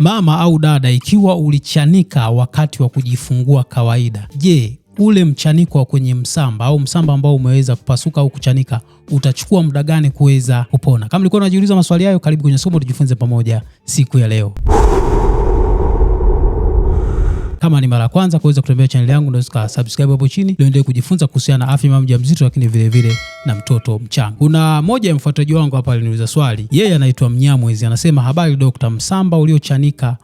Mama au dada, ikiwa ulichanika wakati wa kujifungua kawaida, je, ule mchaniko wa kwenye msamba au msamba ambao umeweza kupasuka au kuchanika utachukua muda gani kuweza kupona? Kama ulikuwa unajiuliza maswali hayo, karibu kwenye somo tujifunze pamoja siku ya leo. Kama ni mara ya kwanza kuweza kutembea chaneli yangu, unaweza ka subscribe hapo chini ili endelee kujifunza kuhusiana na afya mama mjamzito, lakini vile vile na mtoto mchanga. Kuna moja ya mfuataji wangu hapa aliniuliza swali, yeye anaitwa Mnyamwezi, anasema habari dokta, msamba uliochanika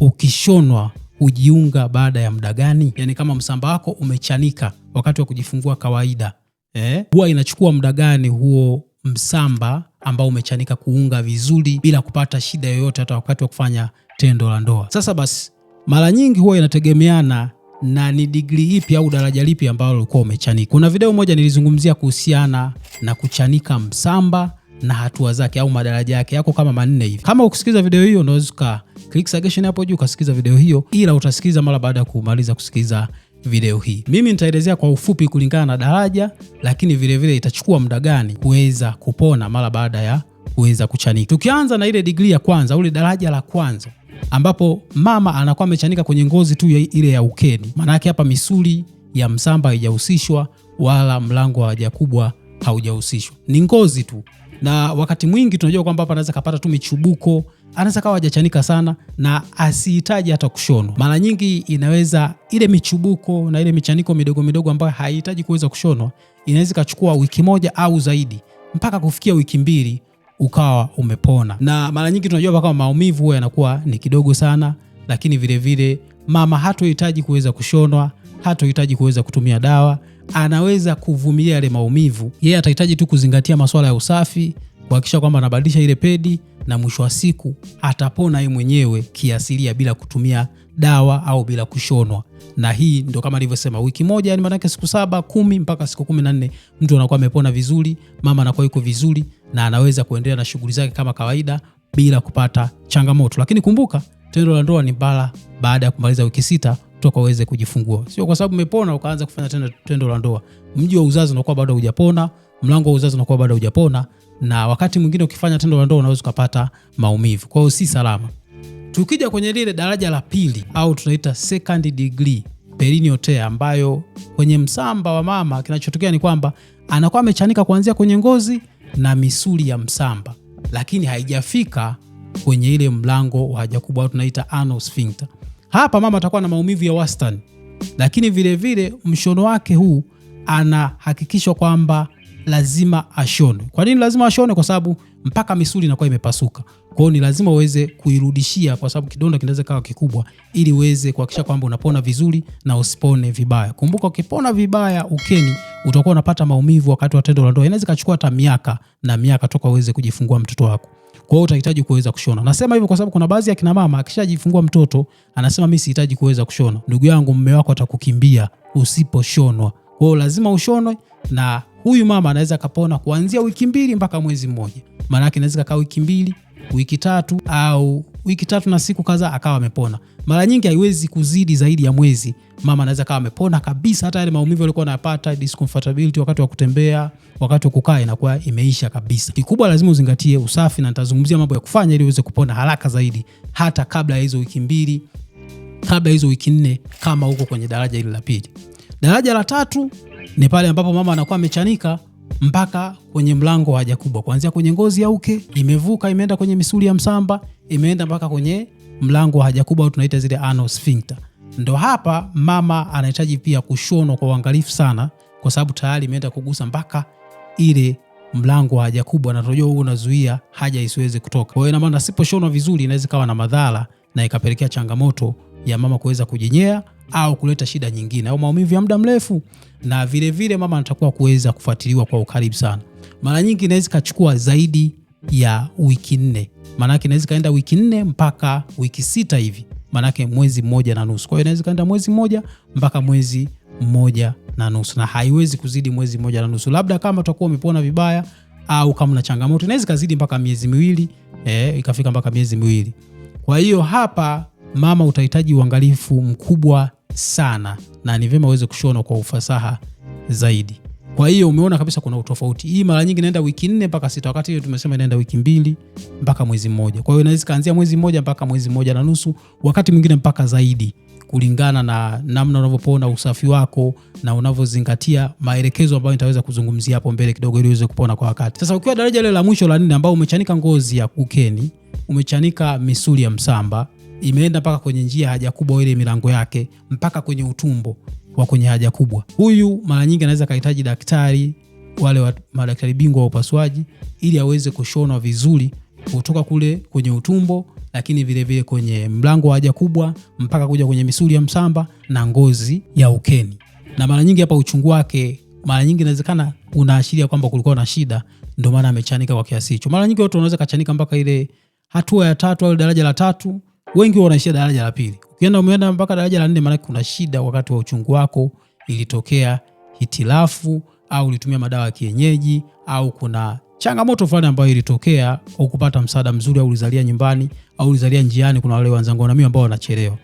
ukishonwa hujiunga baada ya muda gani? Yani kama msamba wako umechanika wakati wa kujifungua kawaida eh, huwa inachukua muda gani huo msamba ambao umechanika kuunga vizuri bila kupata shida yoyote hata wakati wa kufanya tendo la ndoa? Sasa basi mara nyingi huwa inategemeana na ni digri ipi au daraja lipi ambalo ulikuwa umechanika. Kuna video moja nilizungumzia kuhusiana na kuchanika msamba na hatua zake au madaraja yake yako kama manne hivi. Kama ukisikiza video hiyo unaweza uka click suggestion hapo juu ukasikiza video hiyo, ila utasikiza mara baada ya kumaliza kusikiza video hii. Mimi nitaelezea kwa ufupi kulingana na daraja, lakini vilevile vile itachukua muda gani kuweza kupona mara baada ya kuweza kuchanika. Tukianza na ile degree ya kwanza, ule daraja la kwanza ambapo mama anakuwa amechanika kwenye ngozi tu ya ile ya ukeni. Maana yake hapa misuli ya msamba haijahusishwa wala mlango wa haja kubwa haujahusishwa, ni ngozi tu. Na wakati mwingi tunajua kwamba hapa anaweza kapata tu michubuko, anaweza kawa hajachanika sana na asihitaji hata kushonwa. Mara nyingi inaweza ile michubuko na ile michaniko midogo midogo ambayo haihitaji kuweza kushonwa inaweza ikachukua wiki moja au zaidi mpaka kufikia wiki mbili ukawa umepona. Na mara nyingi tunajua kwamba maumivu huwa yanakuwa ni kidogo sana, lakini vilevile vile, mama hatohitaji kuweza kushonwa, hatohitaji kuweza kutumia dawa, anaweza kuvumilia yale maumivu. Yeye atahitaji tu kuzingatia masuala ya usafi, kuhakikisha kwamba anabadilisha ile pedi na mwisho wa siku atapona yeye mwenyewe kiasilia bila kutumia dawa au bila kushonwa. Na hii ndo kama alivyosema, wiki moja, yani maanake siku saba, kumi mpaka siku kumi na nne mtu anakuwa amepona vizuri, mama anakuwa yuko vizuri na anaweza kuendelea na shughuli zake kama kawaida bila kupata changamoto. Lakini kumbuka tendo la ndoa ni bala baada ya kumaliza wiki sita toka uweze kujifungua, sio kwa sababu umepona ukaanza kufanya tena tendo la ndoa. Mji wa uzazi unakuwa bado hujapona, mlango wa uzazi unakuwa bado hujapona, na wakati mwingine ukifanya tendo la ndoa unaweza ukapata maumivu, kwa hiyo si salama. Tukija kwenye lile daraja la pili au tunaita second degree perineal tear, ambayo kwenye msamba wa mama kinachotokea ni kwamba anakuwa amechanika kuanzia kwenye ngozi na misuli ya msamba, lakini haijafika kwenye ile mlango wa haja kubwa tunaita anal sphincter. Hapa mama atakuwa na maumivu ya wastani, lakini vilevile mshono wake huu anahakikishwa kwamba lazima ashone. Kwa nini lazima ashone? Kwa sababu mpaka misuli inakuwa imepasuka. Kwa hiyo ni lazima uweze kuirudishia, kwa sababu kidonda kinaweza kawa kikubwa, ili uweze kuhakikisha kwamba unapona vizuri na usipone vibaya. Kumbuka, ukipona vibaya ukeni utakuwa unapata maumivu wakati wa tendo la ndoa, inaweza ikachukua hata miaka na miaka toka uweze kujifungua mtoto wako. Kwa hiyo utahitaji kuweza kushona. Nasema hivyo kwa sababu kuna baadhi ya kina mama akishajifungua mtoto anasema mimi sihitaji kuweza kushona. Ndugu yangu, mume wako atakukimbia usiposhonwa. Kwa hiyo lazima ushonwe na huyu mama anaweza akapona kuanzia wiki mbili mpaka mwezi mmoja. Maana yake inaweza kukaa wiki mbili, wiki tatu au wiki tatu na siku kadhaa akawa amepona. Mara nyingi haiwezi kuzidi zaidi ya mwezi, mama anaweza kawa amepona kabisa, hata yale maumivu aliyokuwa anayapata, discomfortability wakati wa kutembea, wakati wa kukaa inakuwa imeisha kabisa. Kikubwa lazima uzingatie usafi, na nitazungumzia mambo ya kufanya ili uweze kupona haraka zaidi, hata kabla ya hizo wiki mbili, kabla ya hizo wiki nne, kama uko kwenye daraja hili la pili. Daraja la tatu ni pale ambapo mama anakuwa amechanika mpaka kwenye mlango wa haja kubwa, kuanzia kwenye ngozi ya uke imevuka imeenda kwenye misuli ya msamba imeenda mpaka kwenye mlango wa haja kubwa, au tunaita zile anal sphincter. Ndo hapa mama anahitaji pia kushonwa kwa uangalifu sana, kwa sababu tayari imeenda kugusa mpaka ile mlango wa haja kubwa, na tunajua huo unazuia haja isiweze kutoka. Kwa hiyo ina maana asiposhonwa vizuri inaweza kawa na madhara na ikapelekea changamoto ya mama kuweza kujinyea au kuleta shida nyingine au maumivu ya muda mrefu, na vile vile mama anatakiwa kuweza kufuatiliwa kwa ukaribu sana. Mara nyingi inaweza kachukua zaidi ya wiki nne, maanake inaweza kaenda wiki nne mpaka wiki sita hivi, maanake mwezi mmoja na nusu. Kwa hiyo inaweza kaenda mwezi mmoja mpaka mwezi mmoja na nusu, na haiwezi kuzidi mwezi mmoja na nusu, labda kama utakuwa umepona vibaya au kama una changamoto inaweza kazidi mpaka miezi miwili, eh, ikafika mpaka miezi miwili. Kwa hiyo hapa mama, utahitaji uangalifu mkubwa sana, na ni vyema uweze kushona kwa ufasaha zaidi. Kwa hiyo umeona kabisa kuna utofauti. Hii mara nyingi inaenda wiki nne mpaka sita, wakati hiyo tumesema inaenda wiki mbili mpaka mwezi mmoja. Kwa hiyo inaweza kaanzia mwezi mmoja mpaka mwezi mmoja na nusu, wakati mwingine mpaka zaidi kulingana na namna unavyopona usafi wako na unavyozingatia maelekezo ambayo nitaweza kuzungumzia hapo mbele kidogo, ili uweze kupona kwa wakati. Sasa ukiwa daraja lile la mwisho la nne, ambao umechanika ngozi ya ukeni, umechanika misuli ya msamba, imeenda mpaka kwenye njia haja kubwa, ile milango yake mpaka kwenye utumbo wa kwenye haja kubwa, huyu mara nyingi anaweza kahitaji daktari, wale madaktari bingwa wa upasuaji, ili aweze kushonwa vizuri kutoka kule kwenye utumbo lakini vile vile kwenye mlango wa haja kubwa mpaka kuja kwenye misuli ya msamba na ngozi ya ukeni. Na mara nyingi hapa uchungu wake mara nyingi inawezekana unaashiria kwamba kulikuwa na shida, ndio maana amechanika kwa kiasi hicho. Mara nyingi watu wanaweza kachanika mpaka ile hatua ya tatu au daraja la tatu, wengi wanaishia daraja la pili. Ukienda umeenda mpaka daraja la nne, maana kuna shida wakati wa uchungu wako, ilitokea hitilafu au ulitumia madawa ya kienyeji au kuna changamoto fulani ambayo ilitokea au kupata msaada mzuri au ulizalia nyumbani au ulizalia njiani. Kuna wale wenzangu na mimi ambao wanachelewa.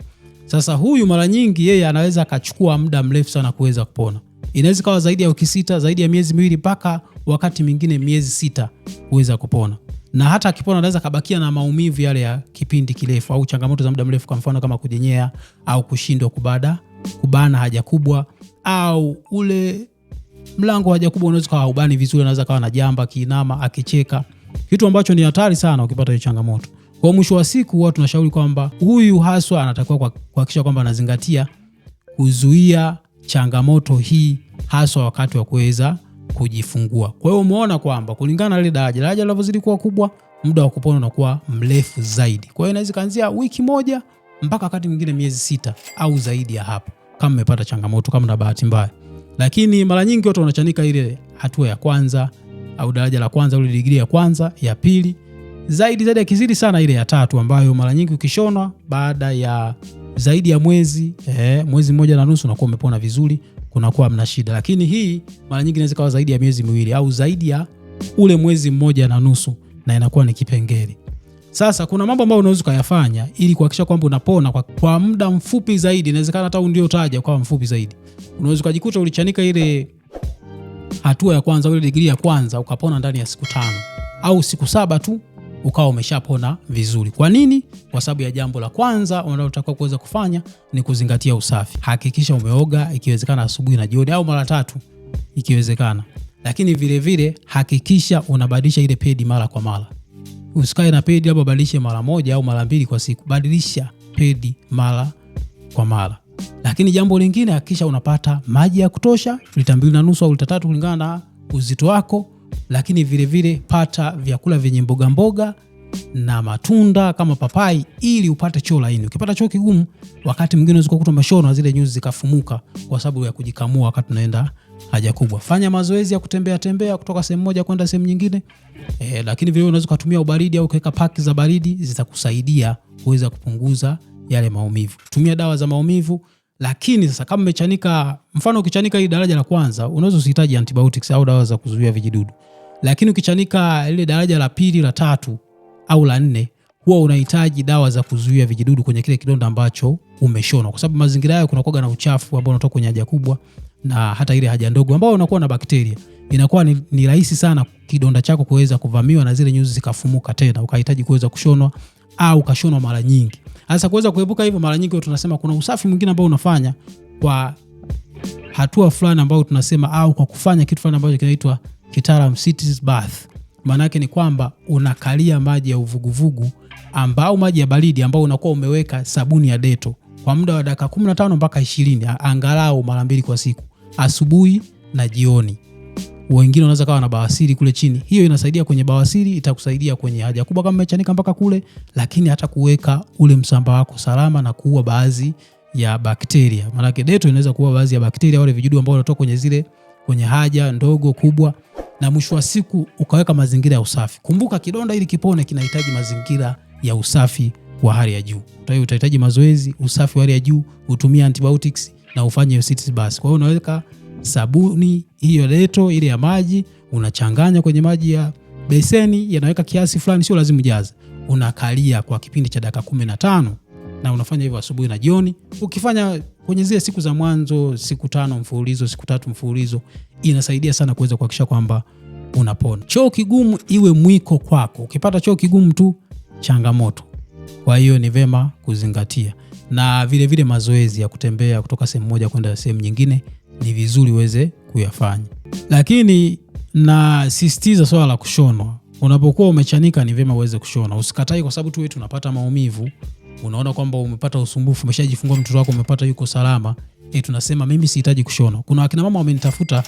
Sasa huyu mara nyingi yeye anaweza akachukua muda mrefu sana kuweza kupona, inaweza kawa zaidi ya wiki sita, zaidi ya miezi miwili, mpaka wakati mwingine miezi sita kuweza kupona, na hata akipona anaweza kabakia na maumivu yale ya kipindi kirefu au changamoto za muda mrefu, kwa mfano kama kujenyea au kushindwa kubada kubana haja kubwa au ule mlango wa Jakubu unaweza kawa ubani vizuri, anaweza kawa na jamba kiinama akicheka, kitu ambacho ni hatari sana ukipata hiyo changamoto. Kwa mwisho wa siku, huwa tunashauri kwamba huyu haswa anatakiwa kuhakikisha kwamba anazingatia kuzuia changamoto hii haswa wakati wa kuweza kujifungua. Kwa hiyo umeona kwamba kulingana na lile daraja, daraja linavyozidi kuwa kubwa, muda wa kupona unakuwa mrefu zaidi. Kwa hiyo inaweza kuanzia wiki moja mpaka wakati mwingine miezi sita au zaidi ya hapo, kama umepata changamoto, kama na bahati mbaya lakini mara nyingi watu wanachanika ile hatua ya kwanza au daraja la kwanza, ule digrii ya kwanza, ya pili, zaidi zaidi, akizidi sana ile ya tatu, ambayo mara nyingi ukishona baada ya zaidi ya mwezi eh, mwezi mmoja na nusu unakuwa umepona vizuri, kunakuwa mna shida. Lakini hii mara nyingi inaweza kawa zaidi ya miezi miwili au zaidi ya ule mwezi mmoja na nusu, na inakuwa ni kipengele. Sasa kuna mambo ambayo unaweza ukayafanya ili kuhakikisha kwamba unapona kwa, kwa muda mfupi zaidi. Inawezekana hata ndio taja kwa mfupi zaidi, unaweza ukajikuta ulichanika ile hatua ya kwanza, ile degree ya kwanza ukapona ndani ya siku tano au siku saba tu ukawa umeshapona vizuri. Kwa nini? Kwa sababu ya jambo la kwanza unalotakiwa kuweza kufanya ni kuzingatia usafi. Hakikisha umeoga ikiwezekana asubuhi na jioni au mara tatu ikiwezekana, lakini vilevile vile, hakikisha unabadilisha ile pedi mara kwa mara usikae na pedi labda ubadilishe mara moja au mara mbili kwa siku. Badilisha pedi mara kwa mara. Lakini jambo lingine, hakikisha unapata maji ya kutosha, lita mbili na nusu au lita tatu kulingana na uzito wako. Lakini vilevile vile pata vyakula vyenye mboga mboga na matunda kama papai ili upate choo laini. Ukipata choo kigumu, wakati mwingine unaweza kukuta mashono zile nyuzi zikafumuka kwa sababu ya kujikamua wakati unaenda haja kubwa. Fanya mazoezi ya kutembea tembea kutoka sehemu moja kwenda sehemu nyingine. E, lakini vile unaweza kutumia ubaridi au kuweka paki za baridi zitakusaidia kuweza kupunguza yale maumivu. Tumia dawa za maumivu, lakini sasa kama umechanika, mfano ukichanika ile daraja la kwanza, unaweza usihitaji antibiotics au dawa za kuzuia vijidudu. Lakini ukichanika ile daraja la pili, la tatu au la nne huwa unahitaji dawa za kuzuia vijidudu kwenye kile kidonda ambacho umeshona, kwa sababu mazingira hayo kunakuwa na uchafu ambao unatoka kwenye haja kubwa na hata ile haja ndogo ambayo unakuwa na bakteria, inakuwa ni, ni rahisi sana kidonda chako kuweza kuvamiwa na zile nyuzi zikafumuka tena ukahitaji kuweza kushonwa au kashonwa mara nyingi. Sasa kuweza kuepuka hivyo, mara nyingi tunasema kuna usafi mwingine ambao unafanya kwa hatua fulani ambayo tunasema au kwa kufanya kitu fulani ambacho kinaitwa kitaalam cities bath. Maana yake ni kwamba unakalia maji ya uvuguvugu ambao maji ya baridi ambao unakuwa umeweka sabuni ya deto kwa muda wa dakika 15 mpaka 20 angalau mara mbili kwa siku asubuhi na jioni. Wengine wanaweza kawa na bawasiri kule chini, hiyo inasaidia kwenye bawasiri, itakusaidia kwenye haja kubwa kama umechanika mpaka kule, lakini hata kuweka ule msamba wako salama na kuua baadhi ya bakteria. Maanake deto inaweza kuua baadhi ya bakteria, wale vijidudu ambao wanatoka kwenye zile kwenye haja ndogo kubwa, na mwisho wa siku ukaweka mazingira ya usafi. Kumbuka kidonda ili kipone kinahitaji mazingira ya usafi wa hali ya juu. Kwa hiyo Utahitaji mazoezi, usafi wa hali ya juu, utumia antibiotics na ufanye hiyo city Kwa hiyo unaweka sabuni hiyo leto ile ya maji, unachanganya kwenye maji ya beseni, yanaweka kiasi fulani, sio lazima ujaze. Unakalia kwa kipindi cha dakika kumi na tano na unafanya hivyo asubuhi na jioni. Ukifanya kwenye zile siku za mwanzo, siku tano mfululizo, siku tatu mfululizo, inasaidia sana kuweza kuhakikisha kwamba unapona. Choo kigumu iwe mwiko kwako. Ukipata choo kigumu tu, changamoto. Kwa hiyo ni vema kuzingatia na vilevile vile mazoezi ya kutembea kutoka sehemu moja kwenda sehemu nyingine ni vizuri uweze kuyafanya, lakini nasisitiza swala la kushonwa. Unapokuwa umechanika ni vyema uweze kushona, usikatai kwa sababu tu tunapata maumivu. Unaona kwamba umepata usumbufu, umeshajifungua mtoto wako, umepata yuko salama, e, tunasema mimi sihitaji kushona. Kuna wakina mama wamenitafuta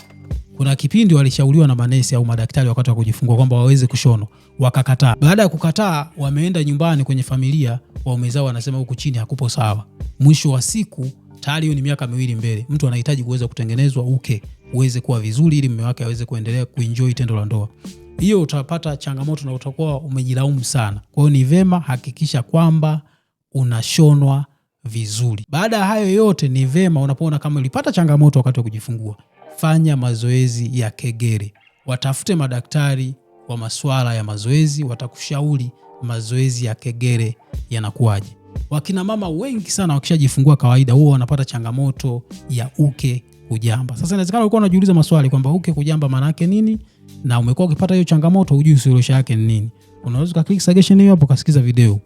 kuna kipindi walishauriwa na manesi au madaktari wakati wa kujifungua kwamba waweze kushono, wakakataa. Baada ya kukataa, wameenda nyumbani kwenye familia, waume zao wanasema huku chini hakupo sawa. Mwisho wa siku tayari hiyo ni miaka miwili mbele, mtu anahitaji kuweza kutengenezwa uke uweze kuwa vizuri, ili mume wake aweze kuendelea kuenjoy tendo la ndoa. Hiyo utapata changamoto na utakuwa umejilaumu sana. Kwa hiyo ni vema hakikisha kwamba unashonwa vizuri. Baada ya hayo yote, ni vema unapoona kama ulipata changamoto wakati wa kujifungua fanya mazoezi ya kegere. Watafute madaktari wa masuala ya mazoezi, watakushauri mazoezi ya kegere yanakuwaje. Wakina mama wengi sana wakishajifungua kawaida huwa wanapata changamoto ya uke kujamba. Sasa inawezekana ulikuwa unajiuliza maswali kwamba uke kujamba maana yake nini, na umekuwa ukipata hiyo changamoto, hujui suluhisho yake ni nini. Unaweza ukaklik suggestion hiyo hapo, ukasikiza video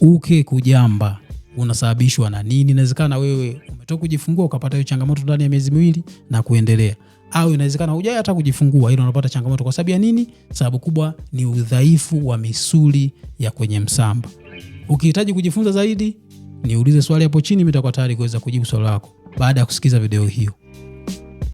uke kujamba unasababishwa na nini. Inawezekana wewe umetoka kujifungua ukapata hiyo changamoto ndani ya miezi miwili na kuendelea, au inawezekana hujai hata kujifungua, ila unapata changamoto kwa sababu ya nini? Sababu kubwa ni udhaifu wa misuli ya kwenye msamba. Ukihitaji kujifunza zaidi, niulize swali hapo chini, nitakuwa tayari kuweza kujibu swali lako baada ya kusikiza video hiyo.